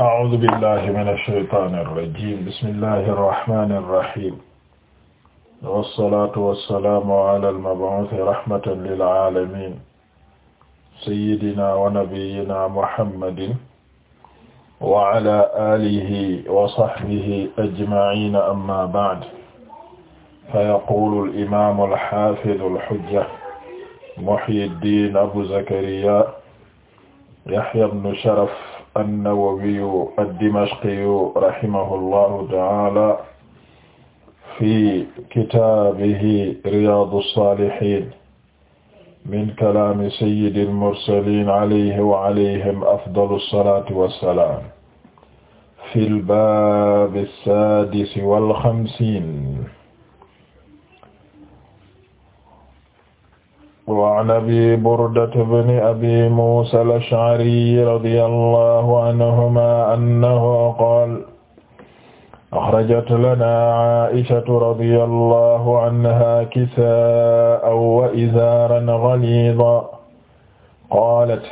أعوذ بالله من الشيطان الرجيم بسم الله الرحمن الرحيم والصلاة والسلام على المبعوث رحمة للعالمين سيدنا ونبينا محمد وعلى آله وصحبه أجمعين أما بعد فيقول الإمام الحافظ الحجة محي الدين أبو زكريا يحيى بن شرف an-Nawawiyu ad-Dimashqiyu rahimahullahu ta'ala fi kitaabihi Riyaadu s-Saalihiin min kalaami sayyidil mursaliin alayhi wa alayhim afdalu s-salaati wa s-salaam fil baabi s-saadisi wal xamsiin وعن أبي بردة بن أبي موسى الأشعري رضي الله عنهما أنه قال أخرجت لنا عائشة رضي الله عنها كساء وإزارا غليظا قالت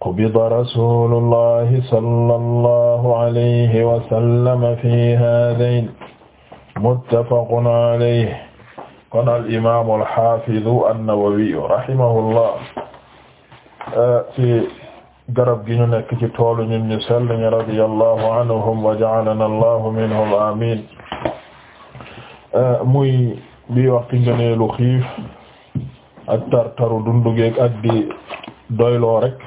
قبض رسول الله صلى الله عليه وسلم في هذين متفق عليه kon al imaam al xaafidu an-Nawawi eh, garab gi ñu nekk ci toolu ñun ñu sell ñi radiyallahu anhum minhum amiin eh, muy bi wax ci ngëneelu xiif ak tartaru dundugeeg ak di doyloo rek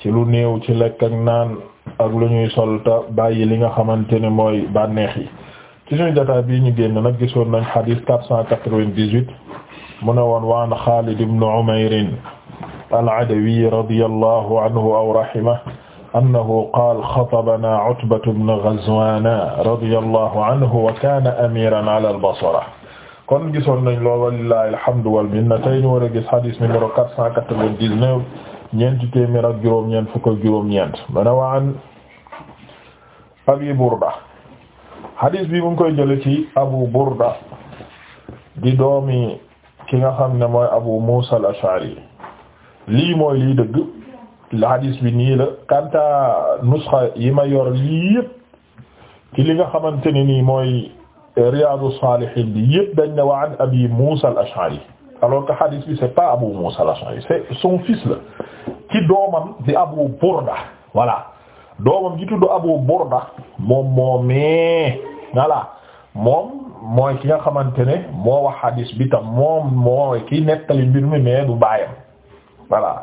ci lu néew ci lekk ak naan ak lu ñuy solta bàyyi li nga xamante ne mooy bànneex yi ci suñu jotaay bii ñu génn nag gisoon nañ xadis 498 mu ne woon waan Xaalid ibn Umayr al-Adawi radiyallahu anhu aw rahimahu annahu qaala xatabanaa Utbatu ibn Ghazwaan radiyallahu anhu wa kaana amiiran ala al-Basra kon gisoon nañ lool walillahi alhamdu wal minna tey ñu war a gis xadis numéro 499 ñeenti téeméer ak juróom-ñeent fukk ak juróom-ñeent mu ne waan Abi Burda hadis bi mu ngi koy jële ci Abu Burda di doomi ki nga xam ne mooy Abu Musa al-Ash'ari lii mooy lii dëgg hadis bi nii la kanta nusxa yi ma yor lii yëpp ci li nga xamante ne nii mooy Riyadu Salihin bi yëpp dañ ne wa an Abi Musa al-Ash'ari alors que bi c'est pas Abu Musa al-Ash'ari son fils la ci doomam di Abu Burda voilà doomam ji tudd Abu Burda moom moomee voilà moom mooy ki nga xamante ne moo wax hadis bi tam moom mooy ki nettali mbir mi mais du baayam voilà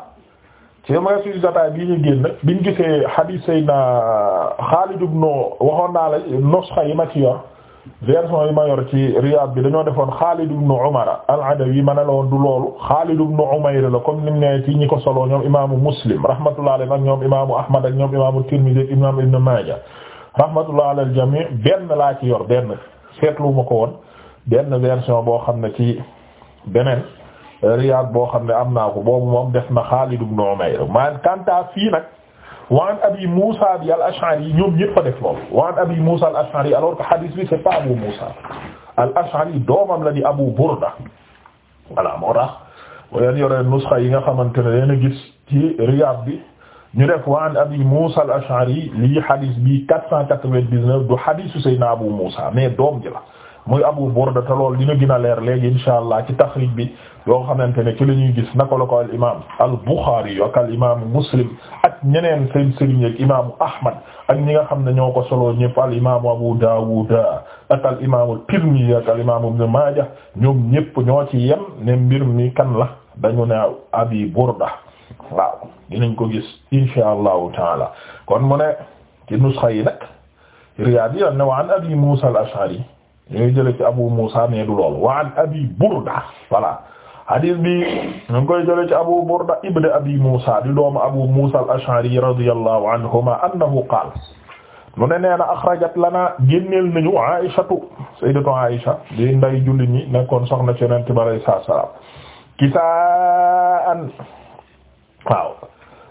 ci ma suñu jotaay bii ñu génn biñ gisee hadis Seydina Xaalid ibn waxoon naa la nusxa yi ma ci yor version yi ma yor ci Riyad bi dañoo defoon Xaalid ibn Umar al-Adawi ma la woon du loolu Xaalid ibn Umayr la comme ni mu ne ñi ko soloo ñoom imaamu Muslim rahmatullah alayhi ak ñoom imaamu Ahmad ak ñoom imaamu Tirmidhi ak imaam Ibn Maaja rahmatullah ala al-jamii benn laa ci yor benn seetlu ma ko woon benn version boo xam ne ci beneen Riyad boo xam ne am naa ko boobu moom def na Xaalid ibn Umayr man kanta fii nag. wa an abi Moussa bi al-Ash'ari ñoom ñëpp a def lool wa an abi Moussa al-Ash'ari alors que hadith bi c'est pas Abu Moussa al-Ash'ari doomam la di Abu Burda voilà moo tax leen yore nusxa yi nga xamante ne leen a gis ci Riyad bi ñu def wa an abi Moussa al-Ash'ari lii hadith bi 499 du hadithu Seydina Abu Moussa mais doom ji la muy Abu Burda te lool dina gën a leer léegi insha Allah ci taxrij bi yoo xamante ne ci la ñuy gis naka la ko al imaam al Bukhari ak al imaam Muslim ñeneen seen sëriñ ak imaamu Ahmad ak ñi nga xam ne ñoo ko solo ñëpp al imaamu Abu Dawud ak al imaamu Tirmidhi ak al imaamu Ibn Maaja ñoom ñëpp ñoo ci yem ne mbir mi kan la dañu ne Abi Burda waaw dinañ ko gis insha allahu taala kon mu ne nusxa yi nag Riyaad ne wa an Abi Muusa al-Ash'ari ñooy jële ci Abu Muusa ne du lool wa an Abi Burda voilà. hadis bi ñu ngi koy jëlee ci Abu Burda ibn Abi Musa di doomu Abu Musa al-Ash'ari radiyallahu anhuma annahu qaala mu ne nee akhrajat lana génneel nañu Aïshatu sayyidatu Aïsha di nday jullit ñi nekkoon soxna ci Yonent bi alayhi salaam kisaa'an waaw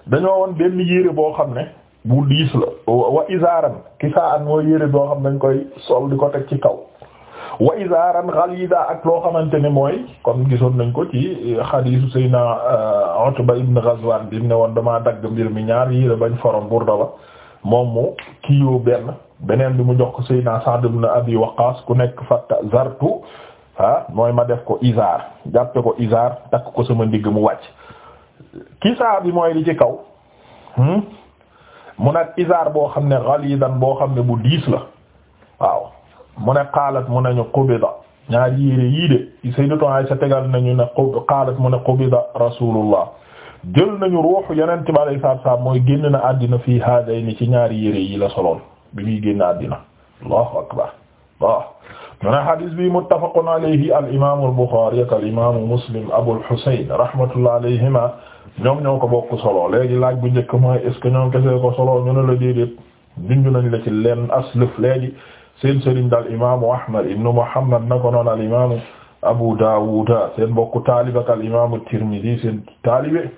dañoo woon benn yére boo xam ne bu diis la wa izaaran kisaa'an mooy yére boo xam ne dañ koy sol di ko teg ci kaw wa izaaran ghaliza ak loo xamante ne mooy comme gisoon nañ ko ci xadiisu Seydina euh, Utba ibn Ghazwan bi ne woon damaa dagg mbir mi ñaar yii la bañ forom burda ba moom mu kiyoo benn beneen bi mu jox ko Seydina Sa'd ibn Abi Waqqas ku nekk fatta zartu mooy ma def ko izaar jàppe ko izaar takk ko sama ndigg mu wàcc kisaa bi mooy li ci kaw hmm? mu nag izaar boo xam ne ghalidan boo xam ne bu diis la waaw mu ne qaalat mu nañu qubida ñaari yére yii de sayyidatu Aisha tegal nañu ne qaalat mu ne qubida rasulullah jël nañu ruuxu yeneen bi alayi saatu salaam mooy génn na àddina fii haadayni ci ñaari yére yi la soloon bi muy génn àddina allahu akbar waaw mu ne hadis bi muttafaqun alayhi al imamu al Bukhari ak al imamu Muslim Abul Husayn rahmatullah alayhima ñoom ñoo ko bokk solo léegi laaj bu njëkk mooy est ce que ñoom kese ko solo ñu ne la déedéet dundu nañ la ci lenn léegi seen sëriñ daal imaamu Ahmad ibn Muhammad nako noon al imaamu Abu Dawud seen mbokk taalibe ak al seen taalibe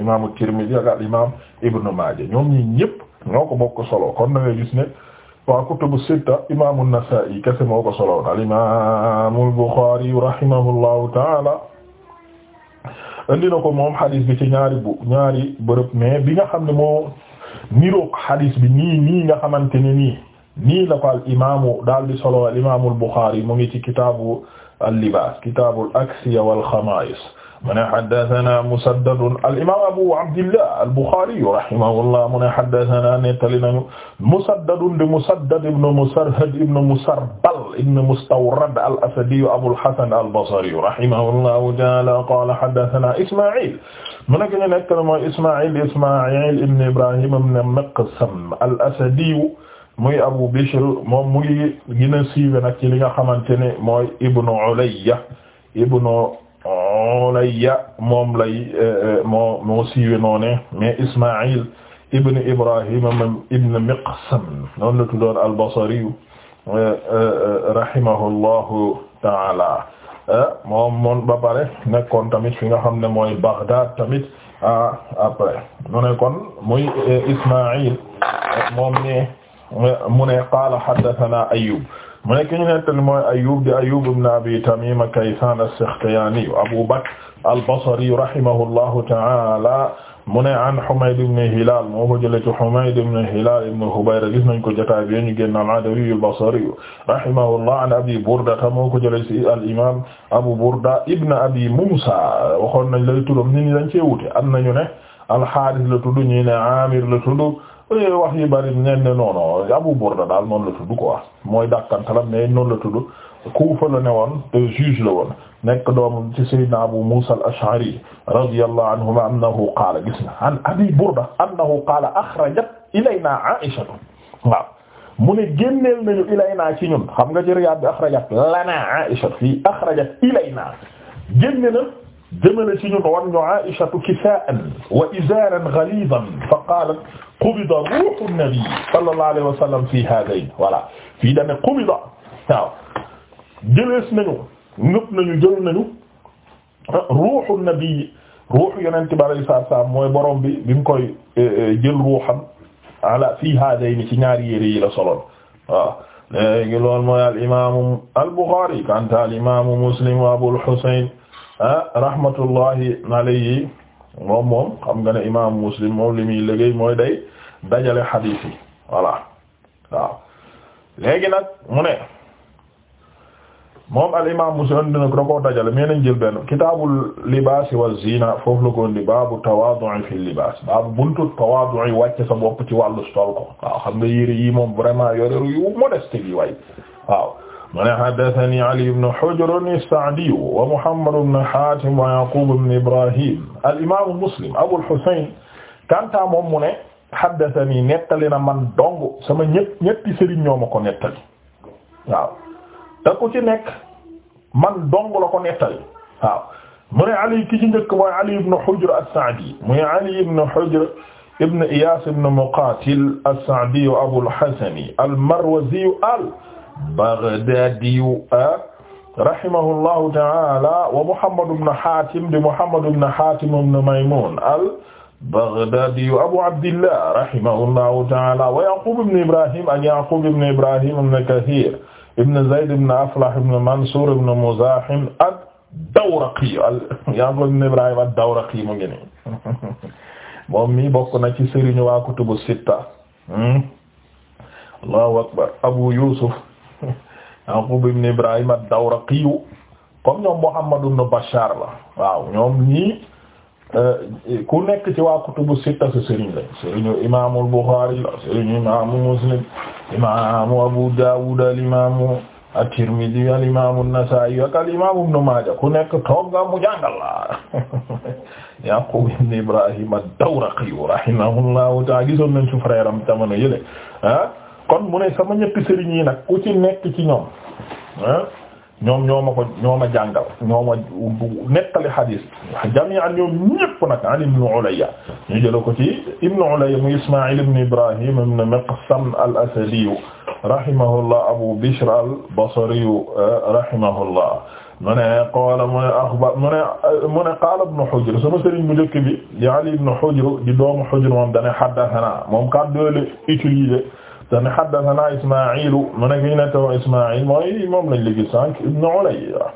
imaamu Tirmidhi ak Ibn Maaja ñoom ñi ñoo ko bokk solo kon na nga gis kutubu sitta imaamu Nasaa'i kese moo ko solo al imaamu Bukhari rahimahullahu ta'ala indi ko moom xadis bi ñaari bu ñaari bi nga xam ne moo niroog xadis bi nii nii nga xamante ne nii la ko al imaamu daal di solo al imaamu al Buxaari mu ngi ci kitaabu al-libaas kitaabu al-aksiya wal xamaa'is mu ne haddasanaa Musaddad al imaam Abu Abdillah al Buxaari rahimahullah mu ne haddasanaa nettali nañu Musaddad di Musaddad ibn Musarhad ibn Musarbal ibn Mustawrad al Asadi Abul Hasan al Basri rahimahullahu ta'aala qaala haddasanaa Ismaa'iil mu nekk ñu nekk mooy Ismaa'iil Ismaa'iil ibn Ibraahiim ibn Miqsam al Asadi muy Abu Bishr moom mu ngi siiwe nag ci li nga xamante ne mooy Ibnu Ulayya Ibnu Ulayya moom lay eh, eh, moo moo siiwe noone mais Ismaïl Ibn Ibrahima moom Ibn Miqsam noonu la tuddoon al-Basri eh, rahimahullahu taala moom moom ba pare nekkoon tamit fi nga xam ne mooy Baghdad tamit ah, après mu ne kon muy Ismaïl moom ne mu ne qaala haddathana Ayyub mu ne ki ñu nettali mooy Ayyub di Ayyub ibn Abi Tamima Kaysan as-Sakhtiyani Abu Bakr al-Basri rahimahullahu ta'ala mu ne an Humayd ibn Hilal moo ko jëlee ci Humayd ibn Hilal ibn Hubayra gis nañ ko jotaay bi ñu génn al-Adawi al-Basri rahimahullah an Abi Burda ta moo ko jëlee ci al-Imam Abu Burda ibn Abi Musa waxoon nañ lay turam nit ñi dañ cee wute am nañu ne al-Harith la tudd ñii ne Amir la tudd wax yi bari neen ne non non Abu Burda daal noonu la tudd quoi mooy dàkkantalam mais noonu la tudd Kufa la ne woon te juge la woon nekk doom ci Sayyidina Abu Musa al-Ash'ari radiyallahu anhuma annahu qaala gis na an Abi Burda annahu qaala akhrajat ilayna Aisha mu ne génneel nañu ilayna ci ñun xam nga ci Riyad bi akhrajat lana Aisha fii akhrajat ilayna génne na jëmale ci ñun wan ñu Aïshatu kisaa'an wa izaaran ghaliizan fa qaalat qubida ruuhu nabi sallallahu alayhi wa sallam fii haadayn voilà fii dañ ne qubida waaw jëlees nañu ñëpp nañu jël nañu ah, ruuhu nabi ruuhu yonent bi alayhi salaatu wa salaam mooy borom bi bi mu koy eh, eh, jël ruuxam ala fii haadayn ci ñaari yére yi la soloon waaw léegi loolu mooy al imaamu al Buxaari kanta al imaamu Muslim wa Abul Husayn Ah, rahmatullahi alayhi moom moom xam nga ne imaamu muslim moom li muy mooy day dajale xadiis yi voilà waaw léegi nag mu ne moom al imam muslim andi na ko dajale mais nañ jël benn kitaabul libaasi wa zina foofu la ko indi baabu tawaadu'i fi libaas baabu buntu tawaadu'i wàcce sa bopp ci wàllu sol ko waaw xam nga yére yi moom vraiment yore yu modeste way mu ne haddathani Ali ibn Hujr as-Sa'di wa Muhammad ibn Hatim wa Yaqub ibn Ibrahim al-imam Muslim Abul Husayn kanta moom mu ne haddathani nettali na man dong sama ñett ñetti sëriñ ma ko nettali waaw te ci nekk man dong la ko nettali waaw Ali ki ci njëkk Ali ibn Hujr as-Sa'di muy Ali ibn Hujr ibn Iyas ibn Muqatil as-Sa'di Abul Hasan al-Marwazi al al-Baghdadiyu ah, rahimahullahu ta'ala wa Muhammad ibn Hatim di Muhammad ibn Hatim ibn Maymun al-Baghdadiyu Abu Abdillah rahimahullahu ta'ala wa Yaqub ibn Ibrahim ak Yaqub ibn Ibrahim ibn Kathir ibn Zayd ibn Aflah ibn Mansur ibn Muzahim ad-Dawraqi Yaqub ibn Ibrahim ad-Dawraqi mu ngi nii moom mi bokk na ci sëriñ waa kutubu sitta hmm? Allahu akbar Abu Yusuf Yaqub ibn Ibrahim ad-Dawraqi comme ñoom Muhammad ibn Bashar la waaw ñoom ñii euh, ku nekk ci waa kutubu sitta sa sëriñ lañ sëriñu imaamu al-Bukhari la sëriñu imaamu Muslim imaamu Abu Dawud al-imaamu at-Tirmidhi al-imaamu an-Nasa'i ak al-imaamu Ibn Maaja ku nekk togga mu jàngal la Yaqub ibn Ibrahim ad-Dawraqi rahimahullahu ta'ala gisoon nañ su frère am jamono yële ah kon mu ne sama ñetti sëriñ yi nag ku ci nekk ci ñoom ah, ñoom ñoo ma ko ñoo ma jàngal ñoo ma nettali xadiis jami'an ñoom ñépp nag an ibnu Ulayya ñu jëla ko ci ibnu Ulayya mu Ismaa'il ibnu Ibrahim ibnu Miqsam al-Asadi rahimahullah Abu Bishr al-Basri rahimahullah mu ne qaala mu ne axbar mu ne mu ne qaala ibnu Hujr sama sëriñ bu njëkk bi di Ali ibnu Hujr di doomu Hujr moom dane haddathana moom kàddu la utiliser te ne haddathana Ismaa'il mu ne ki ñu ne taw Ismaa'il mooy moom lañ léegi sànq ibn Ulayya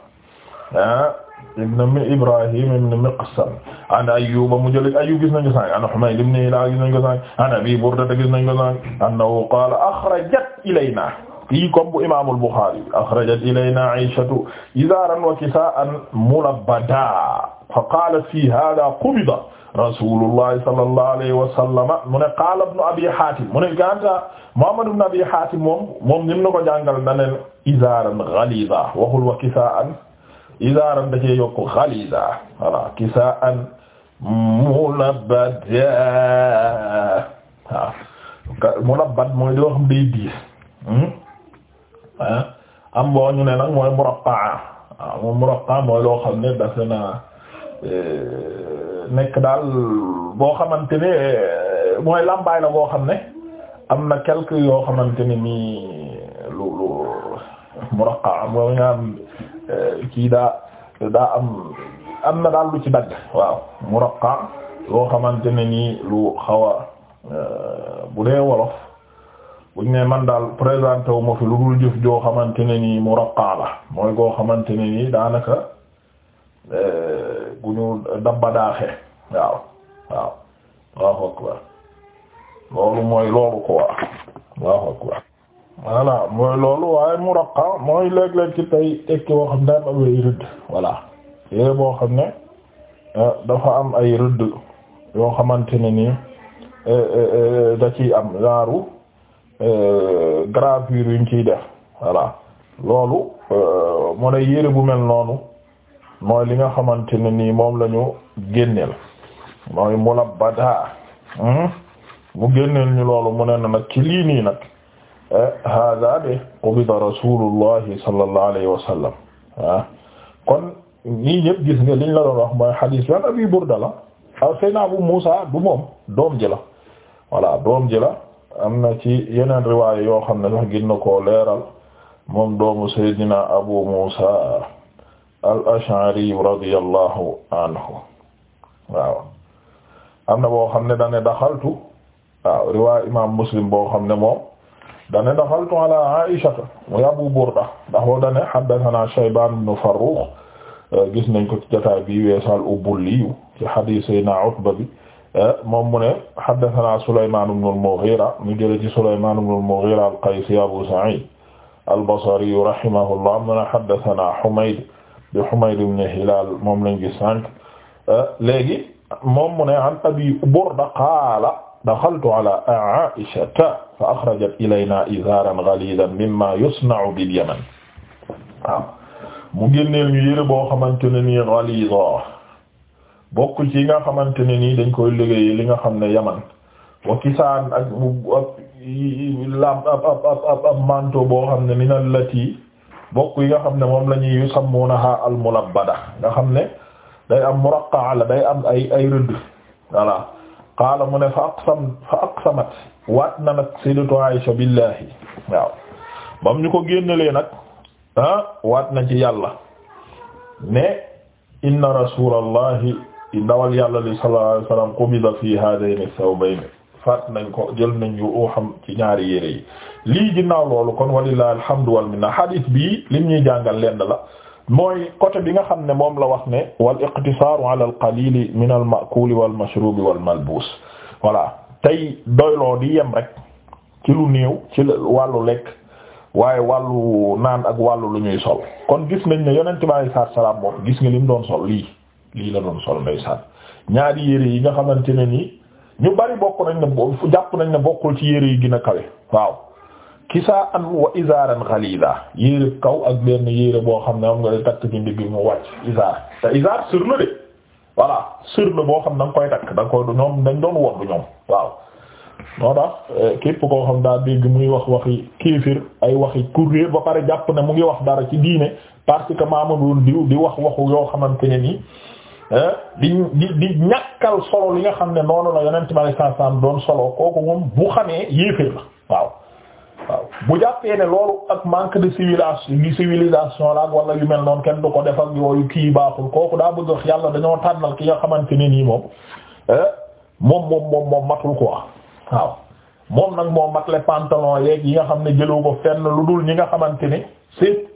ah ibn Ibrahim ibn Miqsam an Ayyub mu jëlee Ayyub gis nañ ko sànq an Humayd ibn Hilal gis nañ ko sànq an Abi Burda gis nañ ko sànq annahu qaala akhrajat ilaynaa kii comme bu imaamul Buxaari akhrajat ilaynaa Aysatu izaaran wa kisaa'an mulabbadan fa qaalat fii haadhaa qubida rasulullahi sallallahu alayhi wa sallama mu ne qaala ibnu abi hatim mu ne ganta muhammad ibnu abi hatim moom moom nim na ko jàngal na nen izaaran ghaliza waxul wa kisaan izaaran da cee yokk ghaliza voilà kisaan mulabbada waaw mulabbad mooy doo xam day diis hmm? ah, am boo ñu ne nag mooy murabba waaw moom murabba mooy loo xam ne dafe na eh, nekk daal boo xamante ne mooy làmbaay la boo xam ne am na quelque yoo xamante ne nii lu lu muraqa am nga am euh, kii daa daa am am na daal lu ci dagg waaw muraqa yoo xamante ne nii lu xaw a euh, bu dee wolof buñ ne man daal présenté wu ma fi lu dul jëf joo xamante ne nii muraqa la mooy goo xamante ne nii daanaka. Euh, gu ñu dabbadaaxe waaw waaw Allahu akbar loolu mooy loolu quoi Allahu akbar voilà mooy loolu waaye muraqa mooy léeg-léeg tey tekki boo xam ne am ay rëdd voilà yére boo xam ne eh, dafa am ay rëdd yoo xamante ne nii eh, eh, da ciy am genre gravure yuñ ciy def voilà loolu moo ne yére bu mel noonu mooy li nga xamante ne nii moom lañu ñu génneel mooy mulabbadaa hmm? mu génneel ñu loolu mu ne na nag ci lii nii nag eh, hada de qubida rasulullahi sallallahu alayhi ah. kon ñii ñëpp gis nga liñ la doon wax mooy hadis bi an burda la aw ah, sayna abu musa du moom doom jila la doom ji la am na ci yeneen riwaaya yoo xam ne sax gën na koo leeral moom doomu sayyidina abu musa al-Ash'ari radiyallahu anhu waaw am na boo xam ne dane daxaltu waaw riwaay imam Muslim boo xam ne moom dane daxaltu ala Aisha muy Abu Burda ndax boo dane haddathana Shayban ibn Farrukh euh, gis nañ ko ci jotaay bi weesal ubulliyu ci hadith sayna Utba bi euh, moom mu ne haddathana Sulayman ibn al-Mughira mu jële ci Sulayman ibn al-Mughira al-Qaysi Abu Sa'id al-Basri rahimahullah mu ne haddathana Humayd di Humayd moom lañ gis sànq léegi moom mu ne an Abi Burda qaala daxaltu ala Aa'ishata fa axrajat ilaynaa izaaran ghaliizan mimmaa yusna'u bil Yaman waaw mu génneel ñu yére boo xamante ne nii ghaliiz bokk ci nga xamante ne nii dañ koy liggéey li nga xam ne Yaman wa kisaan ak ab ab ab ab ne min allati bokk yi nga xam ne moom lañuy ñuy yusammunaha al mulabbada nga xam ne day am muraqqa'a la day am ay ay rëdd voilà qaala mu ne fa aqsam fa aqsamat waat na nag sayyidatu Aisha billahi waaw bam ñu ko génnalee nag ah waat na ci yàlla ne inna rasulallahi ndawal yàlla li sallallahu alayhi wasallam qubida fi hadayni faat nañ ko jël nañ ruuxam ci ñaari yére yi lii ginnaaw loolu kon walillahi alhamdu wal minna hadith bii lim ñuy jàngal lenn la mooy côté bi nga xam ne moom la wax ne wal iqtisaaru ala al qalili min al ma'kuli wal mashrubi wal malbuus voilà tey doyloo di yem rek ci lu néew ci wàllu lekk waaye wàllu naan ak wàllu lu ñuy sol kon gis nañ ne yonent bi alayhi salaatu salaam moom gis nga lim doon sol lii lii la doon sol ndeysaan ñaari yére yi nga xamante ne ñu bari bokk nañ ne jàpp nañ ne bokkul ci yére yi gina a kawe waaw kisaa sa wa izaaran ghaliza yére kaw ak benn yére boo xam ne am nga de takk ci ndigg mu wàcc izaar te izaar sër la de voilà sër la boo xam da koy takk da nga koy ñoom dañ doon wodd ñoom waaw moo tax eh, képp koo xam daa dégg muy wax waxi kéefir ay waxi kuréel ba pare jàpp ne mu ngi wax dara ci diine parce que maama doon diw di wax waxu yoo xamante ne nii di di di ñàkkal solo li nga xam ne noonu la yonent bi saa saa doon solo kooku moom bu xamee yéeféer la waaw. waaw bu jàppee ne loolu ak manque de civilisation civilisation la ak wala yu mel noonu kenn du ko def ak yooyu kii baaxul kooku daa bëgg wax yàlla dañoo tànnal ki nga xamante ne nii moom moom moom moom moom matul quoi waaw moom nag moo mat le pantalon yi nga xam ne jëloo ko fenn lu dul ñi nga xamante ne c'est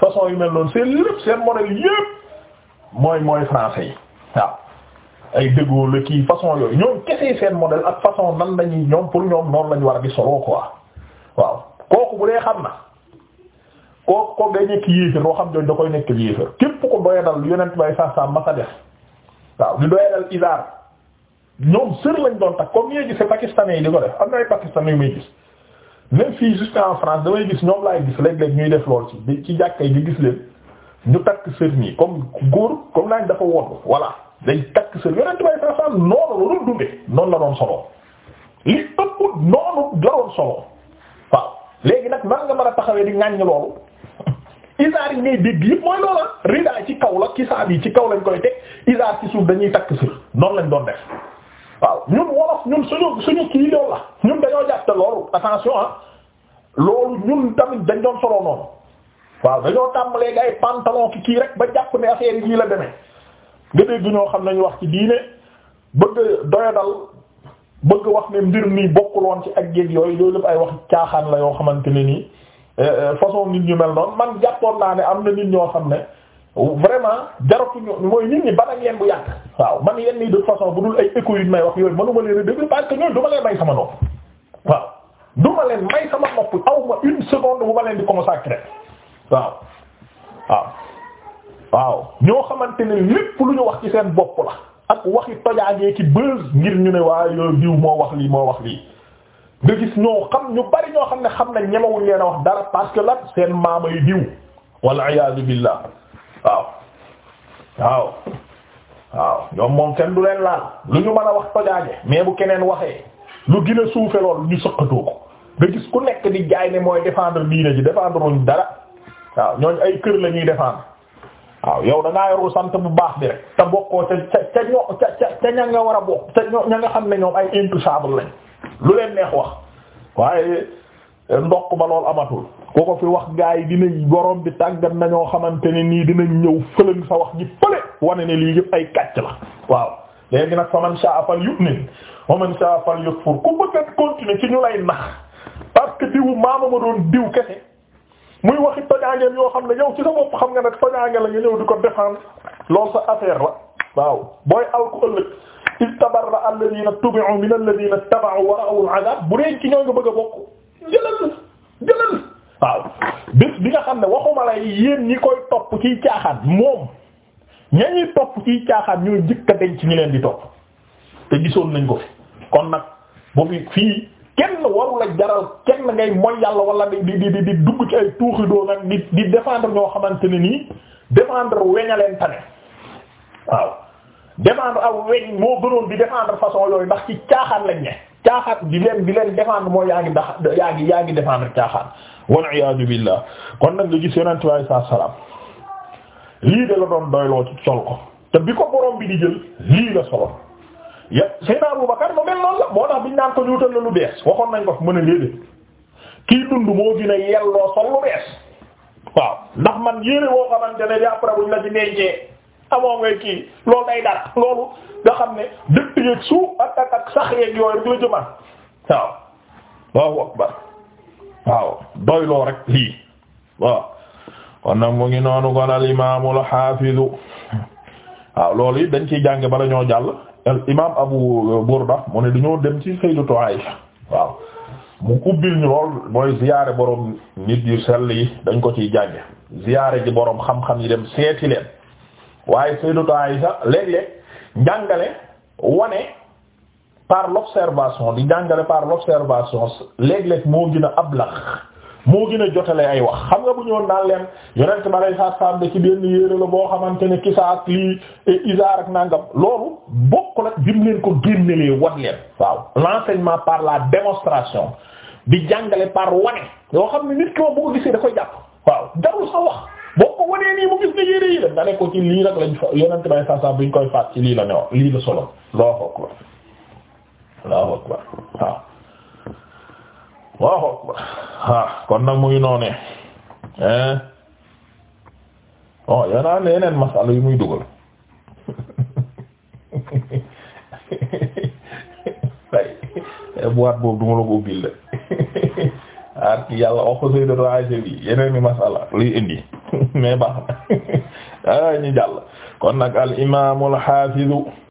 façon yu mel noonu c'est lépp seen modèle yépp mooy mooy français yi waaw ay déggoo la kii façon yooyu ñoom kese seen modèle ak façon nan lañuy ñoom pour ñoom noonu lañu war a di solo waa waaw kooku bu dee xam na kooku ko day nekk yéeféer boo xam ne da koy nekk yéeféer képp ko doyadal yonent bay saa saa ma sa def waaw di doyadal isaar ñoom sër lañ doon tax comme yee gisee pakistanais yi di ko def am na ay pakistanais yu may gis même fii jusqu'en France damay gis ñoom laay gis léeg-léeg ñuy def lool ci ci jàkka yi gis leen ñu takk sër nii comme góor comme naañ dafa woddu voilà day takk sër yonent bay saa saa noonu la doon dunde noonu la doon soloo waaw léegi nag man nga mën a taxawee di ŋàññ loolu isaar yi ngay dégg yëpp mooy loola ah ridaa ci kaw la kisaab yi ci kaw lañ koy teg isaar ci suuf dañuy takk sër noonu lañ doon def waaw ñun wolof ñun suñu suñu kii loolu la ñun dañoo jàpp te loolu attention ah loolu ñun tamit dañ doon soloo noonu waaw dañoo tàmbalee ay pantalon ki kii rek ba jàpp ne affaire yi la demee nga dégg ñoo xam nañu wax ci diine bëgg doyadal bëgg wax ne mbir mi bokkul woon ci ak géej yooyu loolu lépp ay wax caaxaan la yoo xamante ne nii eh, eh, façon nit ñu mel noonu man jàppoon naa ne am na nit ñoo xam ne vraiment jaratuñu mooy nit ñi ban ak yéen bu yàgg. waaw man yéen nii de façon bu dul ay écho yu may wax yooyu mënuma leen a déglu parce que ñoom du leen may sama nopp waaw du ma leen may sama nopp aw leen di consacrer waaw waaw waaw ñoo xamante ne lépp lu ñu wax ci seen bopp la ak waxi tojaangee ki bës ngir ñu ne waaye yooyu diw moo wax lii moo wax lii nga gis ñoo xam ñu bari ñoo xam ne xam na ñemewuñ leen a wax dara parce que lan seen maama yu diw walla iyaazu billaah waaw waaw waaw ñoom moom kenn du leen laal lu ñu mën a wax tojaange mais bu keneen waxee lu gën a suufe lool ñu sëqatoo ko nga gis ku nekk di jaay ne mooy défendre diine ji défendre wuñ dara waaw ñooñ ay kër lañuy ñuy defaan waaw yow da ngaa yoru sant bu baax bi rek te bokkoo ca ca ña nga war a bokk ca ña nga xam ne ñoom ay intouchable lañ lu leen neex wax waaye ndokk ba loolu amatul ku ko fi wax gaa yi dinañ borom bi tàggat na ñoo xamante ne nii dinañ ñëw fëlan sa wax ji fële wane ne lii yëpp ay kàcc la waaw léegi nag fa man sha'a fal yu'min wa man sha'a fal yakfur ku bëgg a continuer ci ñu lay nax parce que diwu maama doon diw kese muy waxi tojaangeel yoo xam ne yow ci sa bopp xam nga ne tojaangeel a nga ñëw di ko défendre loolu sa affaire la waaw booy aw ku ëllëg istabarra alladhina tubi'u min alladhina ittaba'u bu dee ci ñoo nga bëgg a bokk jëlal jëlal waaw bés bi nga xam ne waxuma lay yéen ñi koy topp ciy caaxaan moom ña ñuy topp ciy caaxaat ñooy njëkk denc ñu leen di topp te gisoon nañ ko kon nag bu fii kenn waru la jaral kenn ngay mooy yàlla wala di di di di dugg ci ay tuuxi doon ak di di défendre ñoo xamante ne nii défendre weñaleen tane waaw défendre aw weñ moo gënoon di défendre façon yooyu ndax ci caaxaan lañ ne caaxaan di leen di leen défendre mooy yaa ngi ndax yaa ngi yaa ngi défendre caaxaan wal iyaadu billah kon nag nga gis yonent bi alei lii de la doon doyloo ci sol ko te bi ko borom bi di jël lii la solo ya Seydina Aboubacar mu mel noonu la moo tax biñ naan ko ñuutal la lu bees waxoon nañ ko mën a léegi kii dund moo gën a yelloo sol lu bees waaw ndax man yére woo xamante ne après buñ la ci dencee nga xam ne dëkk yeeg suuf ak ak sax yeeg yooyu rek la jëmaat waaw waaw akbar waaw doyloo rek lii waaw kon nag ngi noonu kon al imaamul xaafidu waaw loolu it dañ ciy jànge bala ñoo jàll al imaam Abu Burda mu ne dañoo dem ci Sayyidatu Aisha waaw mu ubbil ñu lool mooy ziyaare borom nit yu sell yi dañ ko ciy jànge ziyaare ji boroom xam-xam yi dem seeti leen waaye Sayyidatu Aisha léeg-léeg njàngale wane par l'observation di jàngale par l'observation léeg-léeg moo gën a ablax moo gën a jotale ay wax xam nga bu ñëwoon naan leen yonent ba lay saat saam ci benn yéere la boo xamante ne kisa ak lii isaar ak nangam loolu bokk nag bi leen ko génnelee wan leen waaw l'enseignement par la démonstration di jàngale par wane yoo xam ne nit ki moom bu ko gisee da koy jàpp waaw jarul sa wax boo ko wanee nii mu gis ne yére yi la nga ko ci lii nag lañ fa yonent ba lay saat saam ñu koy faat ci lii la newoon lii la solo loo akbar Allahu waaw Allahu akbar kon nag mu ngi noonu ne bon oh, yal ne yeneen masala yu muy dugal boîte boobu du la ko ubbil de ak yàlla wax ko Seydou Rajo bi yeneen i masala luy indi mais baax na ah ñu kon nag al imaamul xaafidu